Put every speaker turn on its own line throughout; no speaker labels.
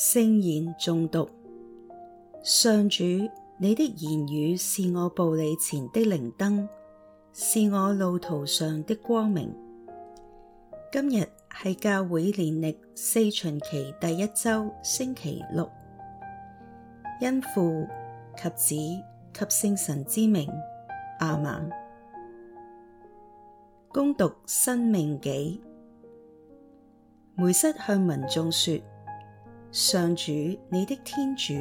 聖言誦讀，上主，你的言語是我步履前的靈燈，是我路途上的光明。今日係教會年曆四旬期第一周星期六，因父及子及聖神之名，阿們。恭讀申命紀，梅瑟向民眾說。上主，你的天主，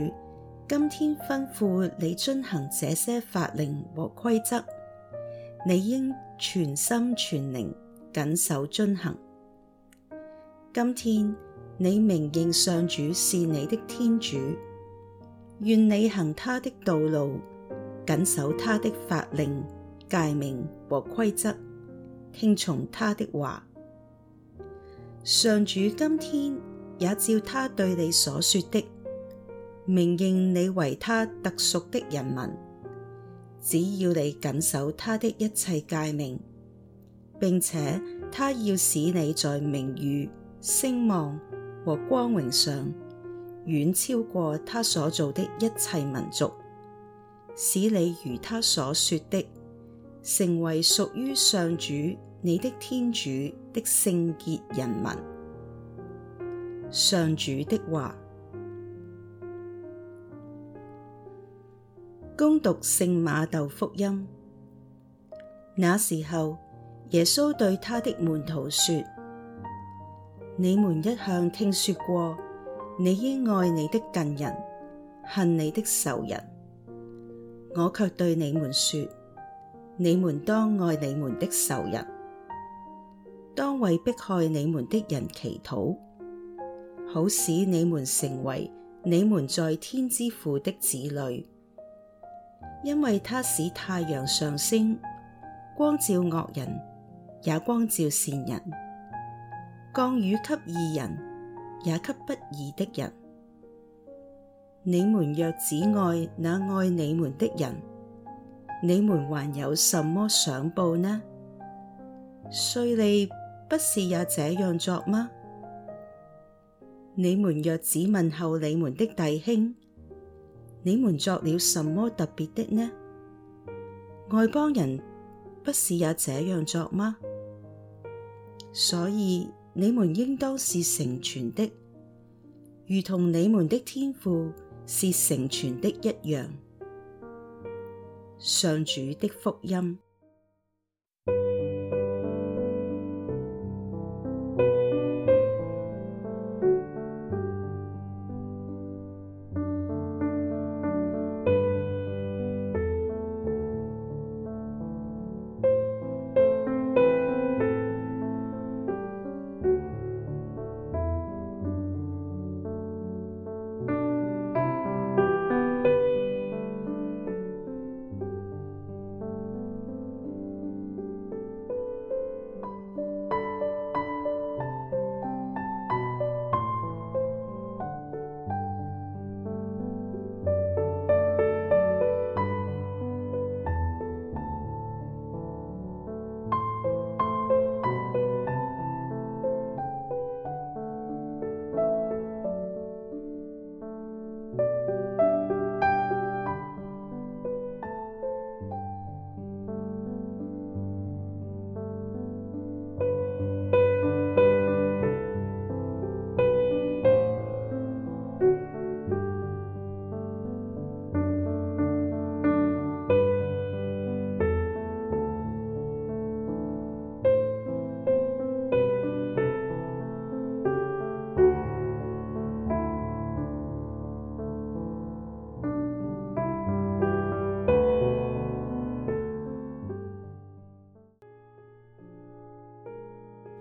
今天吩咐你遵行這些法令和規則，你應全心全靈謹守遵行。今天你明認上主是你的天主，願履行他的道路，謹守他的法令、誡命和規則，聽從他的話。上主，今天，也照他對你所說的，明認你為他特屬的人民。只要你謹守他的一切誡命，並且他要使你在名譽、聲望和光榮上遠超過他所造的一切民族，使你如他所說的，成為屬於上主你的天主的聖潔人民。上主的話，恭讀聖瑪竇福音。那時候，耶穌對他的門徒說：你們一向聽說過，你應愛你的近人，恨你的仇人。我却對你們說，你們當愛你們的仇人，當為迫害你們的人祈禱。好使你們成為你們在天之父的子女，因為他使太陽上升，光照惡人，也光照善人；降雨給義人，也給不義的人。你們若只愛那愛你們的人，你們還有什麼賞報呢？稅吏不是也這樣作嗎？你們若只問候你們的弟兄，你們作了什麼特別的呢？外邦人不是也這樣作嗎？所以你們應當是成全的，如同你們的天父是成全的一樣。上主的福音。